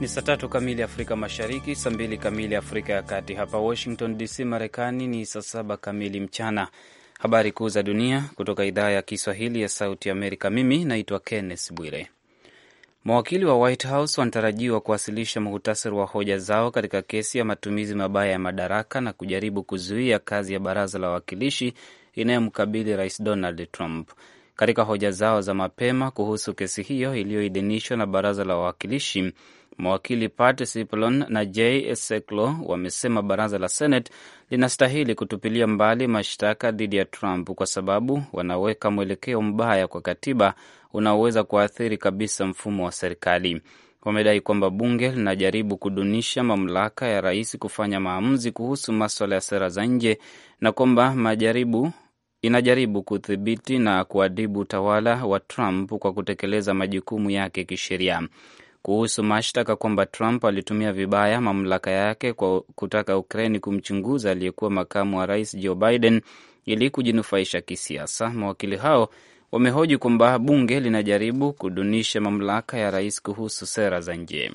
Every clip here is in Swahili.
Ni saa tatu kamili Afrika Mashariki, saa mbili kamili Afrika ya Kati. Hapa Washington DC, Marekani ni saa saba kamili mchana. Habari kuu za dunia kutoka idhaa ya Kiswahili ya Sauti Amerika. Mimi naitwa Kenneth Bwire. Mawakili wa White House wanatarajiwa kuwasilisha muhutasari wa hoja zao katika kesi ya matumizi mabaya ya madaraka na kujaribu kuzuia kazi ya baraza la wawakilishi inayomkabili Rais Donald Trump. Katika hoja zao za mapema kuhusu kesi hiyo iliyoidhinishwa na baraza la wawakilishi Mawakili Pat Siplon na j Sekulow wamesema baraza la Senate linastahili kutupilia mbali mashtaka dhidi ya Trump kwa sababu wanaweka mwelekeo mbaya kwa katiba unaoweza kuathiri kabisa mfumo wa serikali. Wamedai kwamba bunge linajaribu kudunisha mamlaka ya rais kufanya maamuzi kuhusu maswala ya sera za nje na kwamba majaribu inajaribu kudhibiti na kuadibu utawala wa Trump kwa kutekeleza majukumu yake kisheria kuhusu mashtaka kwamba Trump alitumia vibaya mamlaka yake kwa kutaka Ukraini kumchunguza aliyekuwa makamu wa rais Joe Biden ili kujinufaisha kisiasa. Mawakili hao wamehoji kwamba bunge linajaribu kudunisha mamlaka ya rais kuhusu sera za nje.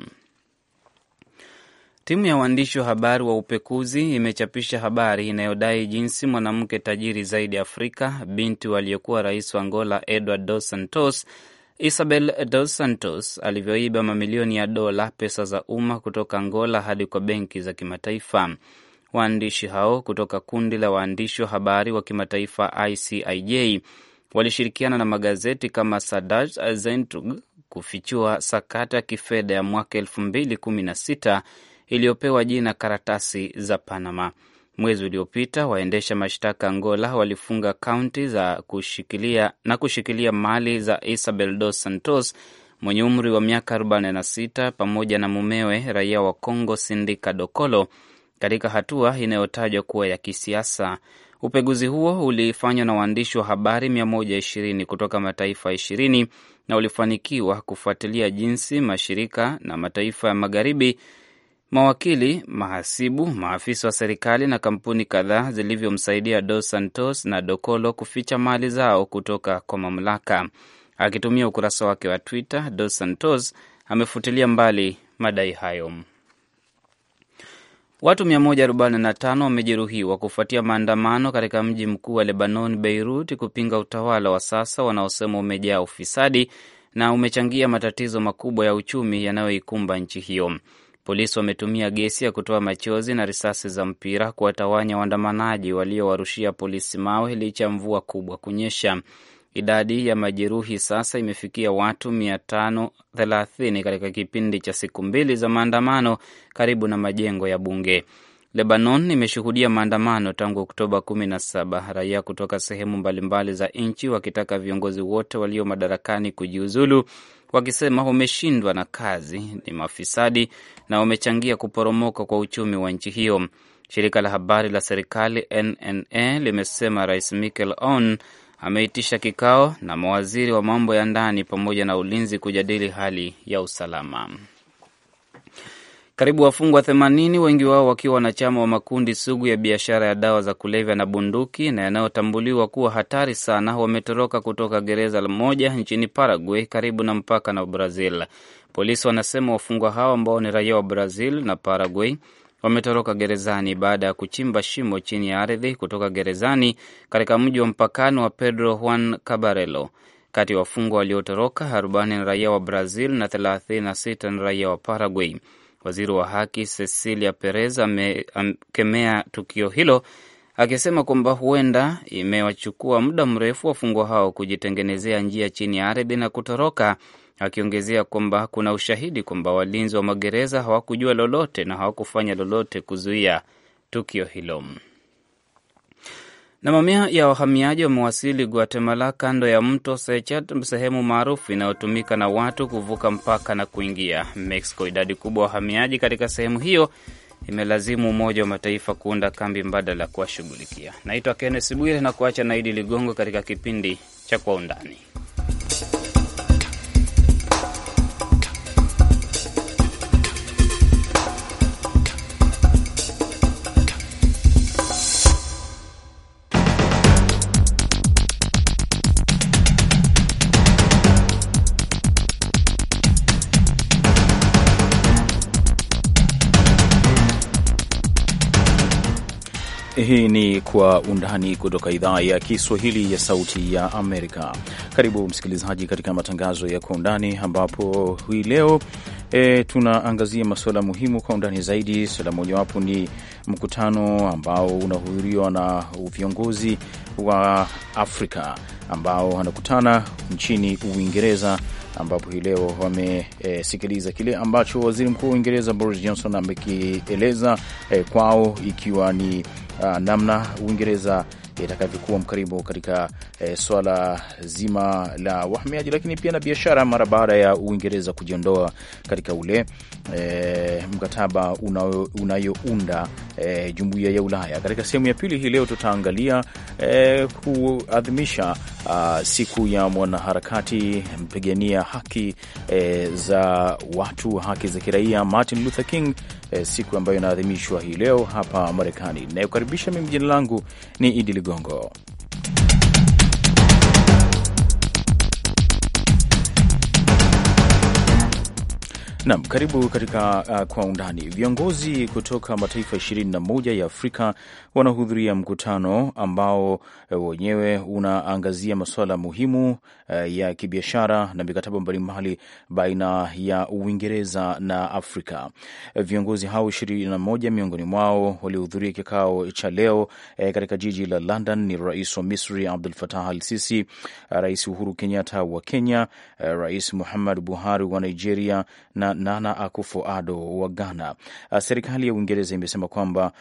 Timu ya waandishi wa habari wa upekuzi imechapisha habari inayodai jinsi mwanamke tajiri zaidi Afrika, binti aliyekuwa rais wa Angola Edward Dos Santos Isabel dos Santos alivyoiba mamilioni ya dola pesa za umma kutoka Angola hadi kwa benki za kimataifa. Waandishi hao kutoka kundi la waandishi wa habari wa kimataifa ICIJ walishirikiana na magazeti kama Sadaj Zentug kufichua sakata ya kifedha ya mwaka elfu iliyopewa jina karatasi za Panama. Mwezi uliopita waendesha mashtaka Angola walifunga kaunti za kushikilia na kushikilia mali za Isabel Dos Santos mwenye umri wa miaka 46 pamoja na mumewe raia wa Congo Sindika Dokolo katika hatua inayotajwa kuwa ya kisiasa. Upeguzi huo ulifanywa na waandishi wa habari 120 kutoka mataifa 20 na ulifanikiwa kufuatilia jinsi mashirika na mataifa ya magharibi Mawakili, mahasibu, maafisa wa serikali na kampuni kadhaa zilivyomsaidia Dos Santos na Dokolo kuficha mali zao kutoka kwa mamlaka. Akitumia ukurasa wake wa Twitter, Dos Santos amefutilia mbali madai hayo. Watu 145 wamejeruhiwa kufuatia maandamano katika mji mkuu wa Lebanon, Beirut, kupinga utawala wa sasa wanaosema umejaa ufisadi na umechangia matatizo makubwa ya uchumi yanayoikumba nchi hiyo. Polisi wametumia gesi ya kutoa machozi na risasi za mpira kuwatawanya waandamanaji waliowarushia polisi mawe licha ya mvua kubwa kunyesha. Idadi ya majeruhi sasa imefikia watu 530 katika kipindi cha siku mbili za maandamano karibu na majengo ya bunge. Lebanon imeshuhudia maandamano tangu Oktoba 17, raia kutoka sehemu mbalimbali za nchi wakitaka viongozi wote walio madarakani kujiuzulu wakisema wameshindwa na kazi, ni mafisadi na wamechangia kuporomoka kwa uchumi wa nchi hiyo. Shirika la habari la serikali NNA limesema Rais michel Aoun ameitisha kikao na mawaziri wa mambo ya ndani pamoja na ulinzi kujadili hali ya usalama. Karibu wafungwa 80 wengi wao wakiwa wanachama wa makundi sugu ya biashara ya dawa za kulevya na bunduki na yanayotambuliwa kuwa hatari sana, wametoroka kutoka gereza la moja nchini Paraguay, karibu na mpaka na Brazil. Polisi wanasema wafungwa hao ambao ni raia wa Brazil na Paraguay wametoroka gerezani baada ya kuchimba shimo chini ya ardhi kutoka gerezani katika mji wa mpakano wa Pedro Juan Cabarelo. Kati ya wafungwa waliotoroka, 40 ni raia wa Brazil na 36 ni raia wa Paraguay. Waziri wa haki Cecilia Perez amekemea tukio hilo akisema kwamba huenda imewachukua muda mrefu wafungwa hao kujitengenezea njia chini ya ardhi na kutoroka, akiongezea kwamba kuna ushahidi kwamba walinzi wa magereza hawakujua lolote na hawakufanya lolote kuzuia tukio hilo. Na mamia ya wahamiaji wamewasili Guatemala kando ya mto Sechat, sehemu maarufu inayotumika na watu kuvuka mpaka na kuingia Mexico. Idadi kubwa ya wahamiaji katika sehemu hiyo imelazimu Umoja wa Mataifa kuunda kambi mbadala kuwashughulikia. Naitwa Kennes Bwire na kuacha naidi Ligongo katika kipindi cha Kwa Undani. Hii ni Kwa Undani kutoka idhaa ya Kiswahili ya Sauti ya Amerika. Karibu msikilizaji, katika matangazo ya Kwa Undani ambapo hii leo e, tunaangazia masuala muhimu kwa undani zaidi. Suala mojawapo ni mkutano ambao unahudhuriwa na viongozi wa Afrika ambao wanakutana nchini Uingereza ambapo hii leo wamesikiliza e, kile ambacho waziri mkuu wa Uingereza Boris Johnson amekieleza e, kwao ikiwa ni a, ah, namna Uingereza itakavyokuwa mkaribu katika e, swala zima la wahamiaji, lakini pia na biashara, mara baada ya Uingereza kujiondoa katika ule e, mkataba unayounda e, jumuiya ya Ulaya. Katika sehemu ya pili hii leo tutaangalia e, kuadhimisha uh, siku ya mwanaharakati mpigania haki e, za watu haki za kiraia Martin Luther King e, siku ambayo inaadhimishwa hii leo hapa Marekani. Inayokaribisha mimi, jina langu ni Idi Ligongo. Nam, karibu katika uh, kwa undani. Viongozi kutoka mataifa 21 ya Afrika wanahudhuria mkutano ambao eh, wenyewe unaangazia masuala muhimu eh, ya kibiashara na mikataba mbalimbali baina ya Uingereza na Afrika. Viongozi hao ishirini na moja miongoni mwao waliohudhuria kikao cha leo eh, katika jiji la London ni Rais wa Misri Abdul Fatah Al Sisi, Rais Uhuru Kenyatta wa Kenya, Rais Muhammad Buhari wa Nigeria na Nana akufo wa Ghana. Serikali ya Uingereza imesema kwamba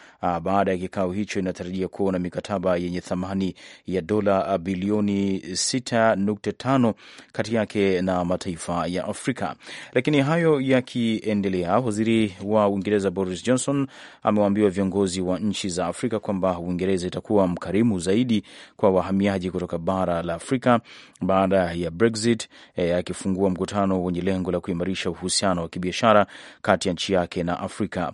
baada ya kikao hicho hicho inatarajia kuona mikataba yenye thamani ya dola bilioni 6.5 kati yake na mataifa ya Afrika. Lakini hayo yakiendelea, waziri wa Uingereza Boris Johnson amewaambiwa viongozi wa nchi za Afrika kwamba Uingereza itakuwa mkarimu zaidi kwa wahamiaji kutoka bara la Afrika baada ya Brexit, e, akifungua e, mkutano wenye lengo la kuimarisha uhusiano wa kibiashara kati ya nchi yake na Afrika.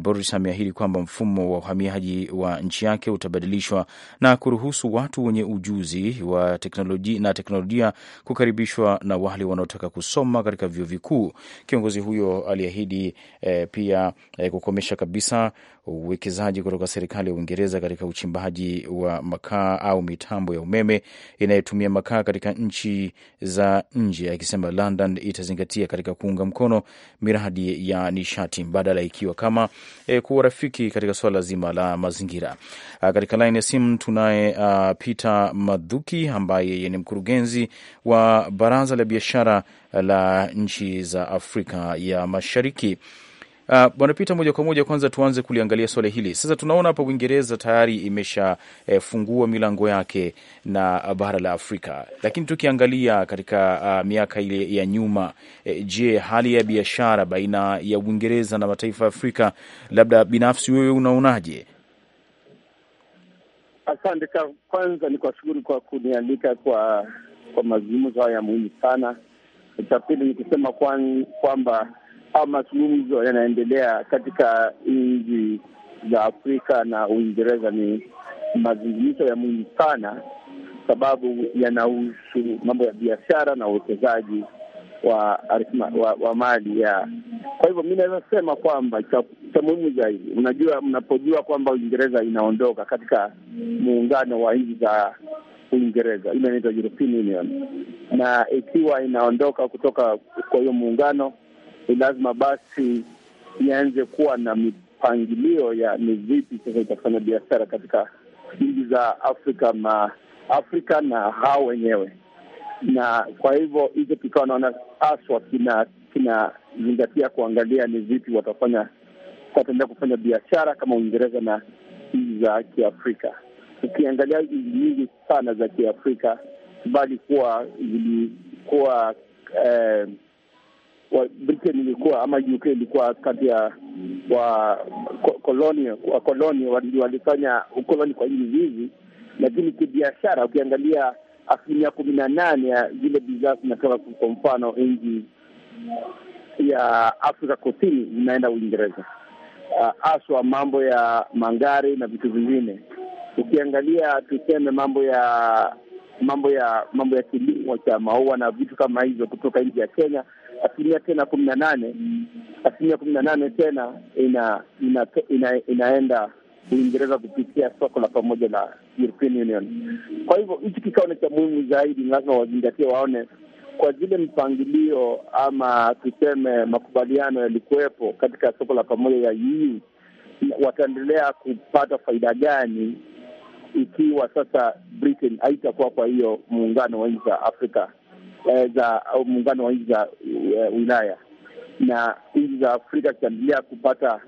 Boris ameahidi kwamba mfumo wa uhamiaji wa nchi yake utabadilishwa na kuruhusu watu wenye ujuzi wa teknoloji na teknolojia kukaribishwa na wale wanaotaka kusoma katika vyuo vikuu. Kiongozi huyo aliahidi eh, pia eh, kukomesha kabisa uwekezaji kutoka serikali ya Uingereza katika uchimbaji wa makaa au mitambo ya umeme inayotumia makaa katika nchi za nje, akisema London itazingatia katika kuunga mkono miradi ya nishati mbadala ikiwa kama e, kuwa rafiki katika swala zima la mazingira. A, ah, katika laini ya simu tunaye ah, Peter Madhuki ambaye yeye ni mkurugenzi wa baraza la biashara la nchi za Afrika ya Mashariki. Uh, Bwana Peter, moja kwa moja, kwanza tuanze kuliangalia swala hili sasa. Tunaona hapa Uingereza tayari imeshafungua eh, milango yake na bara la Afrika, lakini tukiangalia katika uh, miaka ile ya nyuma eh, je, hali ya biashara baina ya Uingereza na mataifa ya Afrika, labda binafsi wewe unaonaje? Asante. Kwanza ni kwa shukuru kwa kunialika kwa kwa mazungumzo haya muhimu sana. Cha pili ni kusema kwamba kwa au mazungumzo yanaendelea katika nchi za Afrika na Uingereza ni mazungumzo ya muhimu sana, sababu yanahusu mambo ya biashara na uwekezaji wa, wa, wa mali ya. Kwa hivyo mi naweza sema kwamba cha muhimu zaidi, unajua, mnapojua kwamba Uingereza inaondoka katika muungano wa nchi za Uingereza ile inaitwa European Union, na ikiwa inaondoka kutoka kwa hiyo muungano ni lazima basi ianze kuwa na mipangilio ya ni vipi sasa itafanya biashara katika nchi za Afrika ma Afrika na hao wenyewe, na kwa hivyo hicho kikawa naona aswa kinazingatia kina kuangalia ni vipi watafanya wataendelea kufanya biashara kama Uingereza na nchi za Kiafrika. Ukiangalia nchi nyingi sana za Kiafrika bali kuwa zilikuwa eh, wa Britain ilikuwa ama UK ilikuwa kati ya wa koloni wa koloni walifanya ukoloni kwa nchi hizi, lakini kibiashara, ukiangalia asilimia kumi na nane ya zile bidhaa zinatoka, kwa mfano nchi ya Afrika Kusini zinaenda Uingereza, ah, haswa mambo ya mangari na vitu vingine. Ukiangalia tuseme mambo ya mambo ya mambo ya kilimo cha maua na vitu kama hivyo kutoka nchi ya Kenya asilimia tena kumi na nane asilimia kumi na nane tena ina, ina, ina, inaenda Uingereza kupitia soko la pamoja la European Union. Kwa hivyo hichi kikao ni cha muhimu zaidi, lazima wazingatie, waone kwa zile mpangilio ama tuseme makubaliano yalikuwepo katika soko la pamoja ya EU wataendelea kupata faida gani ikiwa sasa Britain haitakuwa kwa hiyo muungano wa nchi za Afrika eh, za muungano wa nchi za eh, wilaya na nchi za Afrika zitaendelea kupata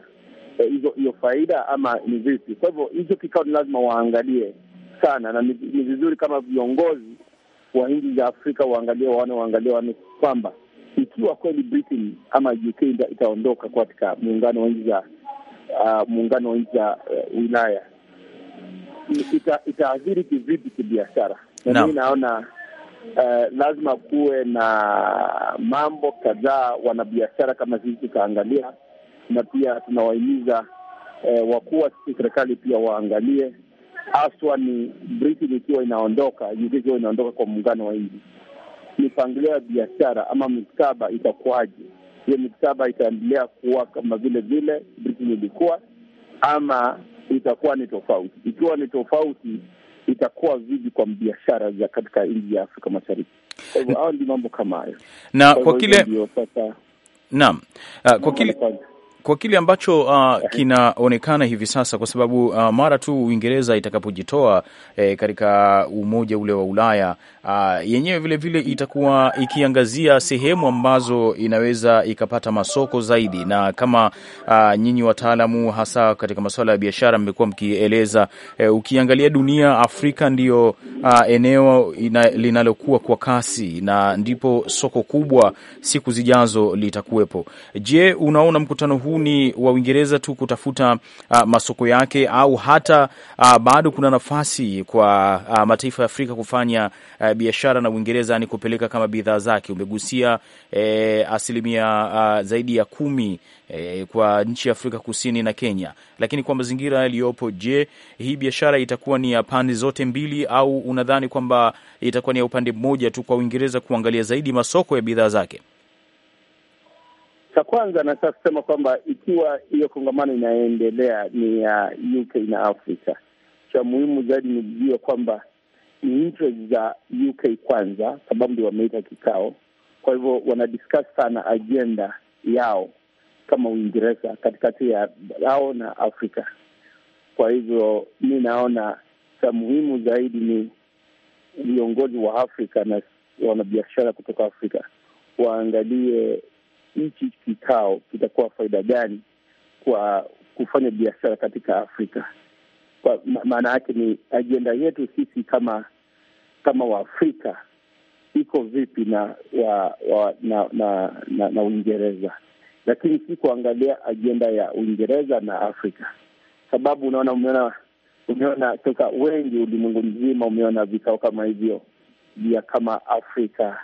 eh, hizo hiyo faida ama ni vipi? Kwa hivyo hicho kikao ni lazima waangalie sana, na ni vizuri kama viongozi wa nchi za Afrika waangalie, waone, waangalie, waone kwamba ikiwa kweli Britain ama UK itaondoka katika muungano wa nchi za uh, muungano wa nchi za uh, wilaya itaathiri ita kivipi kibiashara, na mi naona uh, lazima kuwe na mambo kadhaa wanabiashara kama sisi tutaangalia, na pia tunawahimiza eh, wakuu wa serikali pia waangalie, haswa ni Britain ikiwa inaondoka, UK ikiwa inaondoka kwa muungano wa nchi, mipangilio ya biashara ama mikataba itakuwaje? Hiyo mikataba itaendelea kuwa kama vile vile Britain ilikuwa ama itakuwa ni tofauti? Ikiwa ni tofauti itakuwa vipi kwa biashara za katika nchi ya Afrika Mashariki. Kwa hivyo hao ndi mambo kama hayo, na kwa, kile naam, ah, kwa kile kwa kile ambacho uh, kinaonekana hivi sasa, kwa sababu uh, mara tu Uingereza itakapojitoa eh, katika umoja ule wa Ulaya uh, yenyewe vilevile itakuwa ikiangazia sehemu ambazo inaweza ikapata masoko zaidi, na kama uh, nyinyi wataalamu hasa katika masuala ya biashara mmekuwa mkieleza eh, ukiangalia dunia, Afrika ndiyo uh, eneo linalokuwa kwa kasi na ndipo soko kubwa siku zijazo litakuwepo. Je, unaona mkutano huu kampuni wa Uingereza tu kutafuta uh, masoko yake au hata uh, bado kuna nafasi kwa uh, mataifa ya Afrika kufanya uh, biashara na Uingereza, ni kupeleka kama bidhaa zake. Umegusia eh, asilimia uh, zaidi ya kumi eh, kwa nchi ya Afrika Kusini na Kenya, lakini kwa mazingira yaliyopo, je, hii biashara itakuwa ni ya pande zote mbili au unadhani kwamba itakuwa ni ya upande mmoja tu kwa Uingereza kuangalia zaidi masoko ya bidhaa zake? Cha kwanza nataka kusema kwamba ikiwa hiyo kongamano inaendelea ni ya uh, UK na Afrika, cha muhimu zaidi ni kujua kwamba ni interest za UK kwanza, sababu ndio wameita kikao. Kwa hivyo wanadiscuss sana ajenda yao kama Uingereza katikati ya ao na Afrika. Kwa hivyo mi naona cha muhimu zaidi ni viongozi wa Afrika na wanabiashara kutoka Afrika waangalie nchi kikao kitakuwa faida gani kwa kufanya biashara katika Afrika. Kwa maana yake ni ajenda yetu sisi kama kama Waafrika iko vipi na wa, wa, na na, na, na Uingereza, lakini si kuangalia ajenda ya Uingereza na Afrika, sababu unaona, umeona umeona toka wengi ulimwengu mzima umeona vikao kama hivyo vya kama Afrika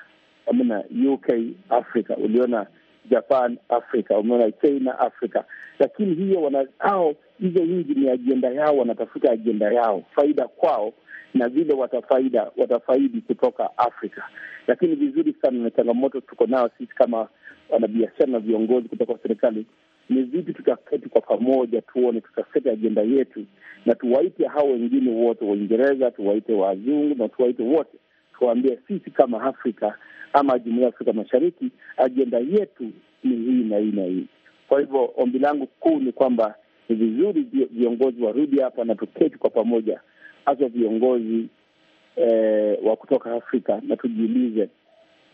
amna UK uh, Africa uliona Japan Africa, umeona China Africa. Lakini hiyo wanao, hizo nyingi ni ajenda yao, wanatafuta ajenda yao, faida kwao na vile watafaida watafaidi kutoka Afrika. Lakini vizuri sana, na changamoto tuko nayo sisi kama wanabiashara na viongozi kutoka serikali ni vipi tutaketi kwa pamoja, tuone tutaseta ajenda yetu, na tuwaite hao wengine wote, Waingereza tuwaite wazungu na tuwaite wote tuwaambie sisi kama Afrika ama jumuiya ya Afrika Mashariki, ajenda yetu ni hii na hii na hii. Kwa hivyo ombi langu kuu ni kwamba ni vizuri viongozi warudi hapa na tuketi kwa pamoja, hasa viongozi eh, wa kutoka Afrika, na tujiulize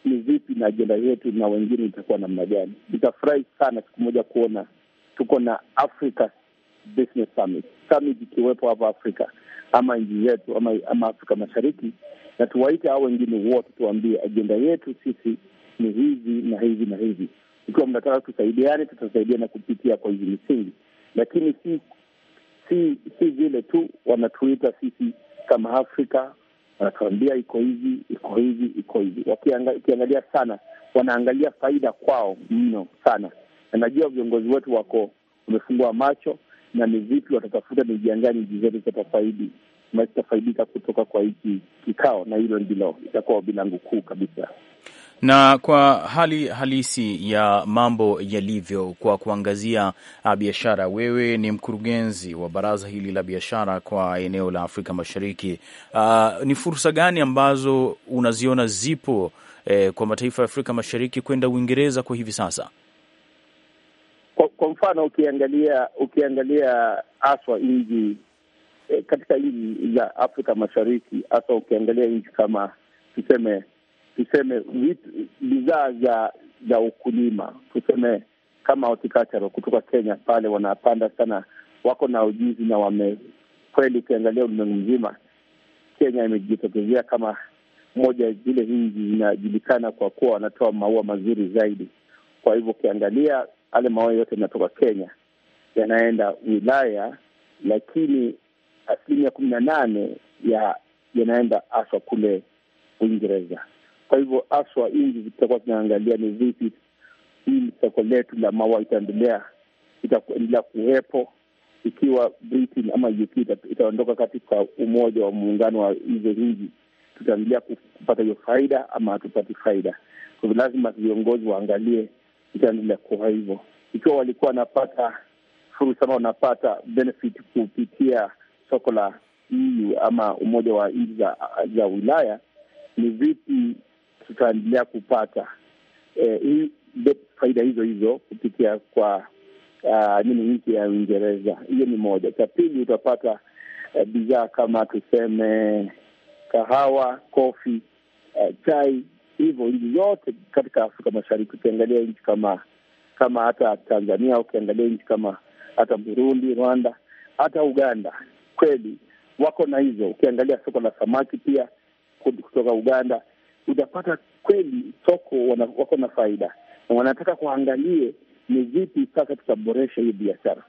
ni vipi na ajenda yetu na wengine itakuwa namna gani. Nitafurahi sana siku moja kuona tuko na Africa Business Summit, summit ikiwepo hapa Afrika ama nchi yetu ama, ama Afrika Mashariki na tuwaite hao wengine wote, tuwaambie ajenda yetu sisi ni hizi na hizi na hizi. Ikiwa mnataka tusaidiane, tutasaidiana kupitia kwa hizi misingi, lakini si si si vile tu wanatuita sisi kama Afrika, wanatuambia iko hivi iko hivi iko hivi. Wakiangalia sana, wanaangalia faida kwao mno sana, na najua viongozi wetu wako wamefungua macho, na ni vipi watatafuta ni njia gani zetu zitafaidi ambaye kutoka kwa hiki kikao, na hilo ndilo itakuwa bilangu kuu kabisa. Na kwa hali halisi ya mambo yalivyo, kwa kuangazia uh, biashara, wewe ni mkurugenzi wa baraza hili la biashara kwa eneo la Afrika Mashariki. Uh, ni fursa gani ambazo unaziona zipo eh, kwa mataifa ya Afrika Mashariki kwenda Uingereza kwa hivi sasa? Kwa, kwa mfano ukiangalia ukiangalia haswa nchi e, katika nchi za Afrika Mashariki, hasa ukiangalia nchi kama tuseme tuseme bidhaa za za ukulima tuseme kama horticulture kutoka Kenya pale wanapanda sana, wako na ujuzi na wame kweli, ukiangalia ulimwengu mzima, Kenya imejitokezea kama moja zile nchi zinajulikana kwa kuwa wanatoa maua mazuri zaidi. Kwa hivyo ukiangalia ale maua yote yanatoka Kenya yanaenda wilaya, lakini asilimia kumi na nane ya yanaenda aswa kule Uingereza. Kwa hivyo aswa ingi zitakuwa zinaangalia ni vipi hili soko letu la maua itaendelea itaendelea kuwepo ikiwa Britain ama UK itaondoka katika umoja wa muungano wa hizo nchi, tutaendelea kupata hiyo faida ama hatupati faida? Kwa hivyo lazima viongozi waangalie itaendelea kuwa hivyo, ikiwa walikuwa wanapata fursa ama wanapata benefit kupitia soko la EU ama umoja wa nchi za, za Ulaya ni vipi tutaendelea kupata e, faida hizo hizo kupitia kwa uh, nini nchi ya Uingereza. Hiyo ni moja. Cha pili utapata uh, bidhaa kama tuseme kahawa, kofi, uh, chai, hivyo nchi zote katika Afrika Mashariki. Ukiangalia nchi kama kama hata Tanzania, ukiangalia nchi kama hata Burundi, Rwanda, hata Uganda kweli wako na hizo. Ukiangalia soko la samaki pia kutoka Uganda utapata kweli soko wana, wako na faida na wanataka kuangalie ni vipi sasa tutaboresha hiyo biashara.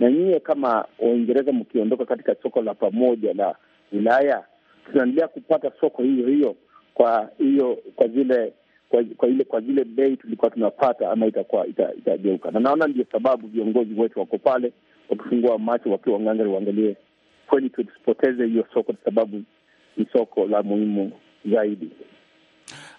Na nyie kama Waingereza mkiondoka katika soko la pamoja la Ulaya, tunaendelea kupata soko hiyo hiyo kwa hiyo kwa zile kwa, kwa ile kwa zile bei tulikuwa tunapata ama itakuwa itageuka ita, na naona ndio sababu viongozi wetu wako pale wakifungua macho wakiwa ngangari waangalie kweli tusipoteze hiyo soko, kwa sababu ni soko la muhimu zaidi.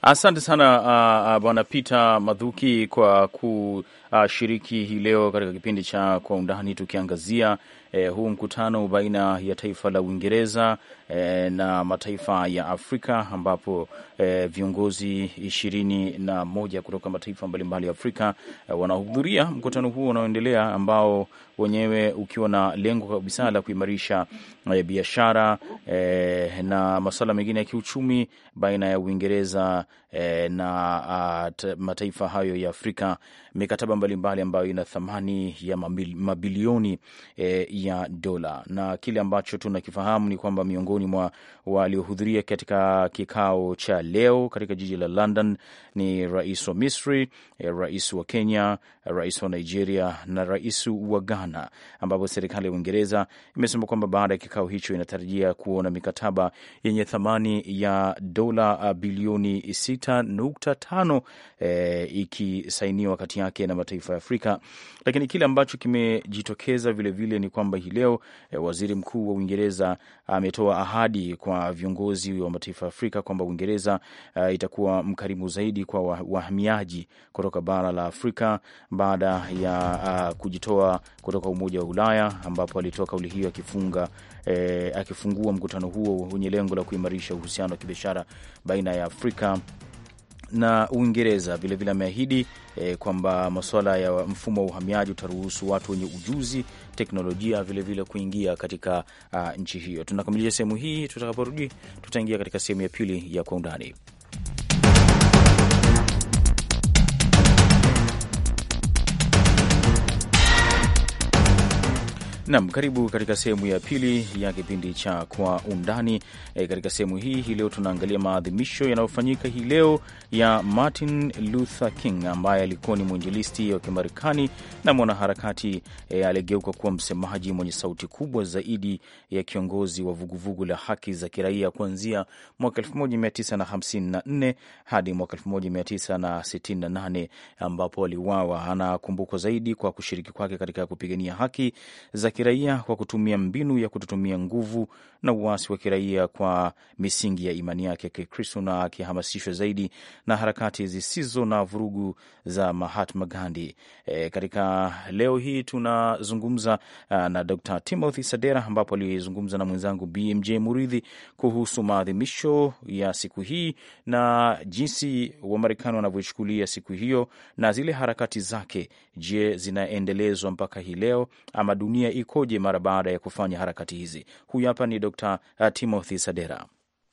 Asante sana uh, uh Bwana Peter Madhuki kwa kushiriki hii leo katika kipindi cha Kwa Undani tukiangazia eh, huu mkutano baina ya taifa la Uingereza eh, na mataifa ya Afrika ambapo eh, viongozi ishirini na moja kutoka mataifa mbalimbali ya Afrika eh, wanahudhuria mkutano huu unaoendelea ambao wenyewe ukiwa na lengo kabisa la kuimarisha eh, biashara eh, na masuala mengine ya kiuchumi baina ya Uingereza eh, na ah, t, mataifa hayo ya Afrika, mikataba mbalimbali ambayo ina thamani ya mabilioni eh, ya dola. Na kile ambacho tunakifahamu ni kwamba miongoni mwa waliohudhuria katika kikao cha leo katika jiji la London ni rais wa Misri, rais wa Kenya, rais wa Nigeria na rais wa Ghana, ambapo serikali ya Uingereza imesema kwamba baada ya kikao hicho inatarajia kuona mikataba yenye thamani ya dola uh, bilioni 6.5 e, eh, ikisainiwa kati yake na mataifa ya Afrika, lakini kile ambacho kimejitokeza vilevile ni kwamba kwamba hii leo eh, waziri mkuu wa Uingereza ametoa ahadi kwa viongozi wa mataifa ya Afrika kwamba Uingereza e, itakuwa mkarimu zaidi kwa wahamiaji kutoka bara la Afrika baada ya a, eh, kujitoa kutoka Umoja wa Ulaya, ambapo alitoa kauli hiyo akifunga E, akifungua mkutano huo wenye lengo la kuimarisha uhusiano wa kibiashara baina ya Afrika na Uingereza vilevile ameahidi e, kwamba masuala ya mfumo wa uhamiaji utaruhusu watu wenye ujuzi, teknolojia vilevile vile kuingia katika a, ah, nchi hiyo. Tunakamilisha sehemu hii, tutakaporudi tutaingia katika sehemu ya pili ya kwa undani. Nam, karibu katika sehemu ya pili ya kipindi cha Kwa Undani. E, katika sehemu hii hii leo tunaangalia maadhimisho yanayofanyika hii leo ya Martin Luther King ambaye alikuwa ni mwinjilisti wa Kimarekani na mwanaharakati e, aliyegeuka kuwa msemaji mwenye sauti kubwa zaidi ya kiongozi wa vuguvugu la haki za kiraia kuanzia mwaka 1954 hadi mwaka 1968 ambapo aliuawa. Anakumbukwa zaidi kwa kushiriki kwake katika kupigania haki za kiraia kwa kutumia mbinu ya kutotumia nguvu na uasi wa kiraia kwa misingi ya imani yake ya Kikristo na akihamasishwa zaidi na harakati zisizo na vurugu za Mahatma Gandhi. E, katika leo hii tunazungumza na Dr. Timothy Sadera ambapo alizungumza na mwenzangu BMJ Muridhi kuhusu maadhimisho ya siku hii na jinsi Wamarekani wanavyochukulia siku hiyo na zile harakati zake. Je, zinaendelezwa mpaka hii leo ama dunia ikoje mara baada ya kufanya harakati hizi? Huyu hapa ni Dr. Uh, Timothy Sadera.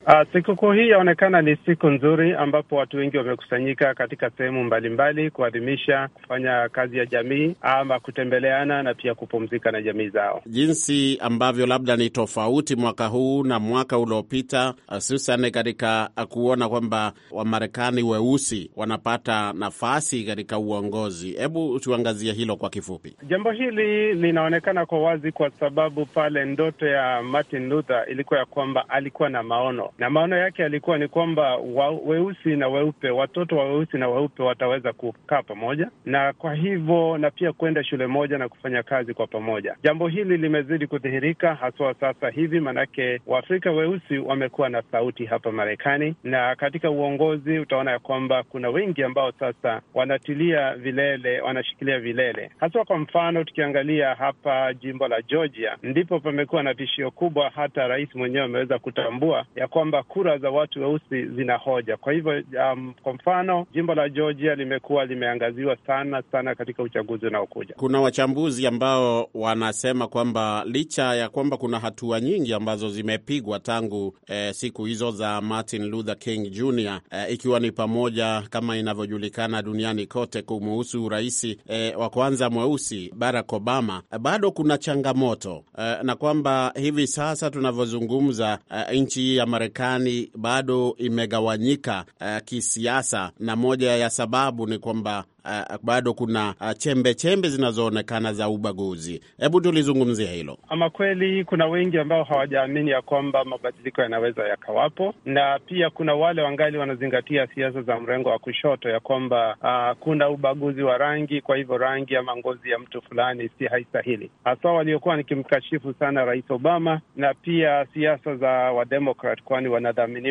Uh, sikukuu hii yaonekana ni siku nzuri ambapo watu wengi wamekusanyika katika sehemu mbalimbali kuadhimisha kufanya kazi ya jamii ama kutembeleana na pia kupumzika na jamii zao. Jinsi ambavyo labda ni tofauti mwaka huu na mwaka uliopita, ah, hususan katika ah, kuona kwamba Wamarekani weusi wanapata nafasi katika uongozi. Hebu tuangazie hilo kwa kifupi. Jambo hili linaonekana kwa wazi kwa sababu pale ndoto ya Martin Luther ilikuwa ya kwamba alikuwa na maono na maana yake yalikuwa ni kwamba wa, weusi na weupe, watoto wa weusi na weupe wataweza kukaa pamoja, na kwa hivyo na pia kwenda shule moja na kufanya kazi kwa pamoja. Jambo hili limezidi kudhihirika haswa sasa hivi, maanake waafrika weusi wamekuwa na sauti hapa Marekani, na katika uongozi utaona ya kwamba kuna wengi ambao sasa wanatilia vilele, wanashikilia vilele, haswa kwa mfano tukiangalia hapa jimbo la Georgia, ndipo pamekuwa na tishio kubwa, hata rais mwenyewe ameweza kutambua ya kwamba kura za watu weusi zina hoja. Kwa hivyo um, kwa mfano jimbo la Georgia limekuwa limeangaziwa sana sana katika uchaguzi unaokuja. Kuna wachambuzi ambao wanasema kwamba licha ya kwamba kuna hatua nyingi ambazo zimepigwa tangu eh, siku hizo za Martin Luther King Jr eh, ikiwa ni pamoja kama inavyojulikana duniani kote kumuhusu rais eh, wa kwanza mweusi Barack Obama, eh, bado kuna changamoto eh, na kwamba hivi sasa tunavyozungumza eh, nchi ya Marekani Marekani bado imegawanyika uh, kisiasa, na moja ya sababu ni kwamba uh, bado kuna uh, chembe chembe zinazoonekana za ubaguzi. Hebu tulizungumzia hilo. Ama kweli kuna wengi ambao hawajaamini ya kwamba mabadiliko yanaweza yakawapo, na pia kuna wale wangali wanazingatia siasa za mrengo wa kushoto ya kwamba uh, kuna ubaguzi wa rangi, kwa hivyo rangi ama ngozi ya mtu fulani si haistahili, hasa waliokuwa nikimkashifu sana Rais Obama na pia siasa za Wademokrat, kwani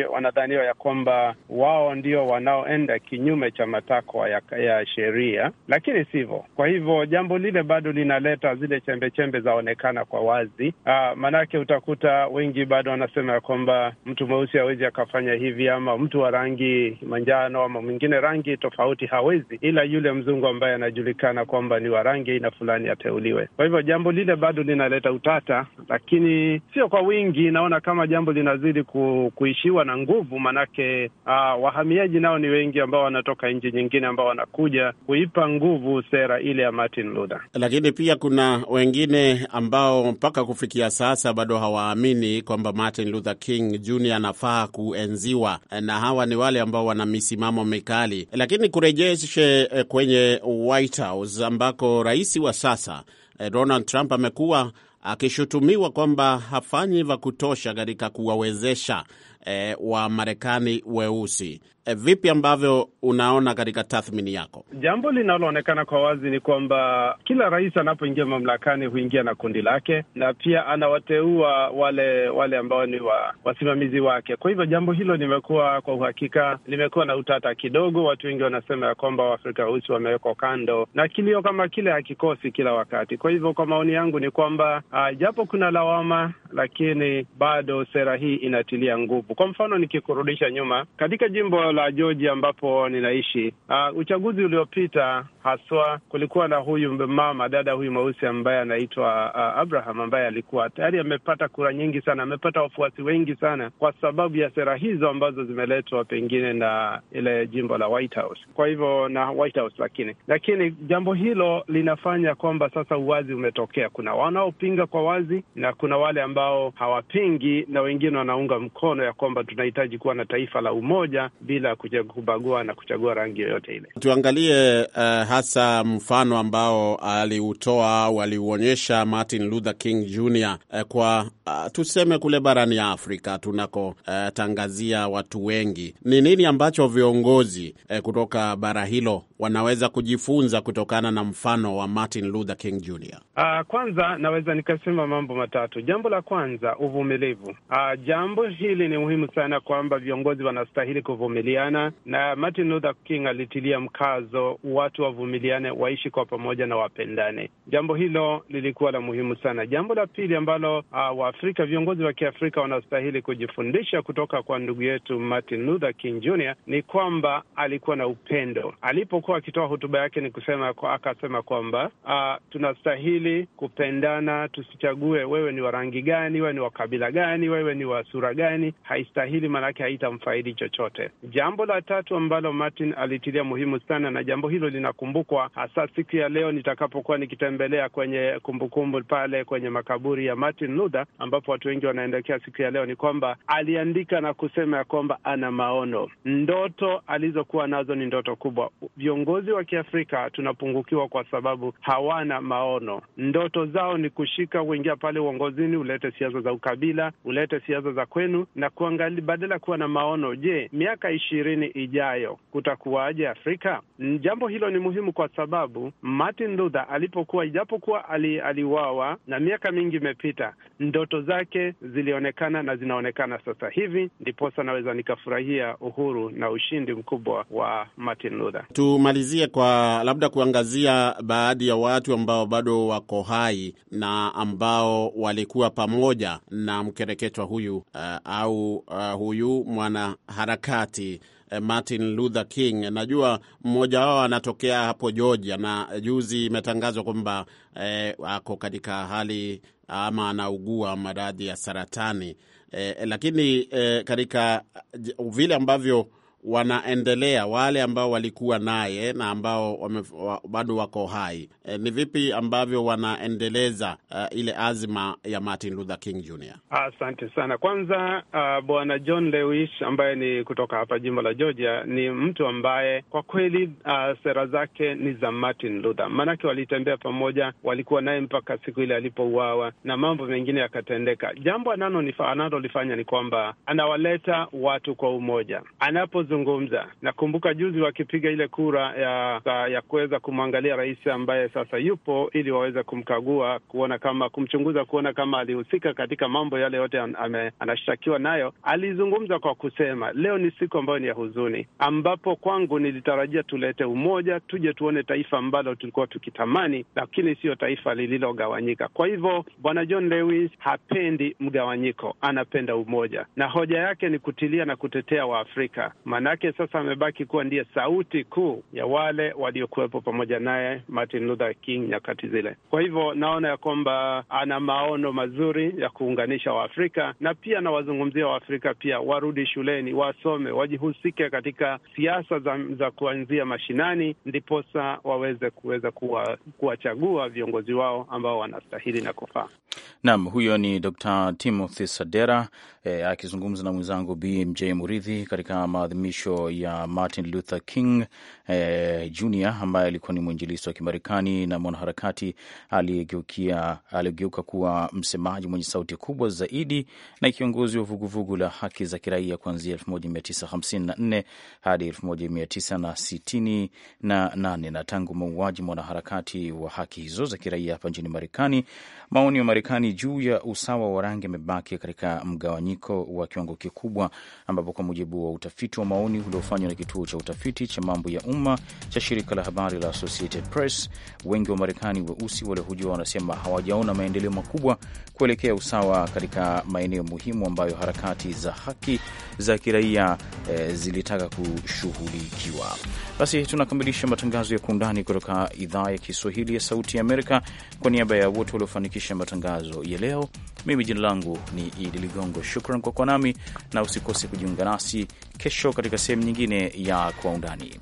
wanadhaniwa ya kwamba wao ndio wanaoenda kinyume cha matakwa ya, ya sheria sheria, lakini sivyo. Kwa hivyo jambo lile bado linaleta zile chembe chembe zaonekana kwa wazi. Aa, ah, manake utakuta wengi bado wanasema ya kwamba mtu mweusi hawezi akafanya hivi, ama mtu wa rangi manjano ama mwingine rangi tofauti hawezi, ila yule mzungu ambaye anajulikana kwamba ni wa rangi aina fulani ateuliwe. Kwa hivyo jambo lile bado linaleta utata, lakini sio kwa wingi. Naona kama jambo linazidi ku, kuishiwa na nguvu, manake aa, ah, wahamiaji nao ni wengi ambao wanatoka nchi nyingine ambao wanakuja kuipa nguvu sera ile ya Martin Luther. Lakini pia kuna wengine ambao mpaka kufikia sasa bado hawaamini kwamba Martin Luther King Jr anafaa kuenziwa, na hawa ni wale ambao wana misimamo mikali. Lakini kurejeshe eh, kwenye White House ambako rais wa sasa eh, Donald Trump amekuwa akishutumiwa kwamba hafanyi vya kutosha katika kuwawezesha eh, wa Marekani weusi. Eh, vipi ambavyo unaona katika tathmini yako? Jambo linaloonekana kwa wazi ni kwamba kila rais anapoingia mamlakani huingia na kundi lake, na pia anawateua wale wale ambao ni wa, wasimamizi wake. Kwa hivyo jambo hilo limekuwa kwa uhakika limekuwa na utata kidogo. Watu wengi wanasema ya kwamba Waafrika weusi wamewekwa kando, na kilio kama kile hakikosi kila wakati. Kwa hivyo kwa maoni yangu ni kwamba uh, japo kuna lawama, lakini bado sera hii inatilia nguvu nguvu. Kwa mfano nikikurudisha nyuma katika jimbo la Georgia ambapo ninaishi, uh, uchaguzi uliopita haswa kulikuwa na huyu mama dada huyu mweusi ambaye anaitwa uh, Abraham ambaye alikuwa tayari amepata kura nyingi sana, amepata wafuasi wengi sana kwa sababu ya sera hizo ambazo zimeletwa pengine na ile jimbo la White House. Kwa hivyo na White House, lakini lakini jambo hilo linafanya kwamba sasa uwazi umetokea. Kuna wanaopinga kwa wazi na kuna wale ambao hawapingi na wengine wanaunga mkono ya kwamba tunahitaji kuwa na taifa la umoja bila kubagua na kuchagua rangi yoyote ile. Tuangalie uh, hasa mfano ambao aliutoa aliuonyesha Martin Luther King Jr. uh, eh, kwa uh, tuseme kule barani ya Afrika tunakotangazia eh, uh, watu wengi, ni nini ambacho viongozi uh, kutoka bara hilo wanaweza kujifunza kutokana na mfano wa Martin Luther King Jr. Uh, ah, kwanza naweza nikasema mambo matatu. Jambo la kwanza uvumilivu. Uh, jambo hili ni muhimu sana kwamba viongozi wanastahili kuvumiliana, na Martin Luther King alitilia mkazo watu wavumiliane, waishi kwa pamoja na wapendane. Jambo hilo lilikuwa la muhimu sana. Jambo la pili ambalo uh, Waafrika, viongozi wa Kiafrika wanastahili kujifundisha kutoka kwa ndugu yetu Martin Luther King Jr. ni kwamba alikuwa na upendo. Alipokuwa akitoa hotuba yake ni kusema kwa, akasema kwamba uh, tunastahili kupendana, tusichague wewe ni wa rangi gani, wewe ni wa kabila gani, wewe ni wa sura gani haistahili, maanake haitamfaidi chochote. Jambo la tatu ambalo Martin alitilia muhimu sana, na jambo hilo linakumbukwa hasa siku ya leo nitakapokuwa nikitembelea kwenye kumbukumbu pale kwenye makaburi ya Martin Luther, ambapo watu wengi wanaendekea siku ya leo, ni kwamba aliandika na kusema ya kwamba ana maono, ndoto alizokuwa nazo ni ndoto kubwa. Viongozi wa Kiafrika tunapungukiwa kwa sababu hawana maono. Ndoto zao ni kushika, kuingia pale uongozini, ulete siasa za ukabila, ulete siasa za kwenu na kwa kuangali, badala ya kuwa na maono, je, miaka ishirini ijayo kutakuwaje Afrika? Jambo hilo ni muhimu kwa sababu Martin Luther alipokuwa, ijapokuwa aliwawa na miaka mingi imepita, ndoto zake zilionekana na zinaonekana sasa hivi, ndiposa naweza nikafurahia uhuru na ushindi mkubwa wa Martin Luther. Tumalizie kwa labda kuangazia baadhi ya watu ambao bado wako hai na ambao walikuwa pamoja na mkereketwa huyu uh, au uh, huyu mwanaharakati eh, Martin Luther King. Najua mmoja wao anatokea hapo Georgia, na juzi imetangazwa kwamba eh, ako katika hali ama anaugua maradhi ya saratani eh, lakini eh, katika eh, vile ambavyo wanaendelea wale ambao walikuwa naye na ambao wame, wa, bado wako hai e, ni vipi ambavyo wanaendeleza uh, ile azma ya Martin Luther King Jr. Asante sana. Kwanza uh, bwana John Lewis ambaye ni kutoka hapa jimbo la Georgia ni mtu ambaye kwa kweli uh, sera zake ni za Martin Luther, maanake walitembea pamoja, walikuwa naye mpaka siku ile alipouawa na mambo mengine yakatendeka. Jambo analolifanya ni kwamba anawaleta watu kwa umoja anapo kuzungumza. Nakumbuka juzi wakipiga ile kura ya, ya kuweza kumwangalia rais ambaye sasa yupo, ili waweze kumkagua kuona kama kumchunguza kuona kama alihusika katika mambo yale yote an, anashtakiwa nayo. Alizungumza kwa kusema leo ni siku ambayo ni ya huzuni, ambapo kwangu nilitarajia tulete umoja, tuje tuone taifa ambalo tulikuwa tukitamani, lakini siyo taifa lililogawanyika. Kwa hivyo bwana John Lewis hapendi mgawanyiko, anapenda umoja, na hoja yake ni kutilia na kutetea Waafrika. Maanake sasa amebaki kuwa ndiye sauti kuu ya wale waliokuwepo pamoja naye Martin Luther King nyakati zile. Kwa hivyo naona ya kwamba ana maono mazuri ya kuunganisha Waafrika na pia anawazungumzia Waafrika pia warudi shuleni, wasome, wajihusike katika siasa za, za kuanzia mashinani, ndiposa waweze kuweza kuwachagua kuwa viongozi wao ambao wanastahili na kufaa. Naam, huyo ni Dr. Timothy Sadera eh, akizungumza na mwenzangu BMJ Muridhi katika maadhimisho maadhimisho ya Martin Luther King eh, Jr ambaye alikuwa ni mwinjilisti wa Kimarekani na mwanaharakati aliyegeuka kuwa msemaji mwenye sauti kubwa zaidi na kiongozi wa vuguvugu la haki za kiraia kuanzia 1954 hadi 1968 na, na, na tangu mauaji mwanaharakati wa haki hizo za kiraia hapa nchini Marekani, maoni ya Marekani juu ya usawa wa rangi yamebaki katika mgawanyiko wa kiwango kikubwa ambapo kwa mujibu wa utafiti wa maoni uliofanywa na kituo cha utafiti cha mambo ya umma cha shirika la habari la Associated Press, wengi wa Marekani weusi waliohojiwa wanasema hawajaona maendeleo makubwa kuelekea usawa katika maeneo muhimu ambayo harakati za haki za kiraia eh, zilitaka kushughulikiwa. Basi tunakamilisha matangazo ya Kwa Undani kutoka idhaa ya Kiswahili ya Sauti ya Amerika. Kwa niaba ya wote waliofanikisha matangazo ya leo, mimi jina langu ni Idi Ligongo. Shukran kwa kuwa nami na usikose kujiunga nasi kesho katika sehemu nyingine ya Kwa Undani.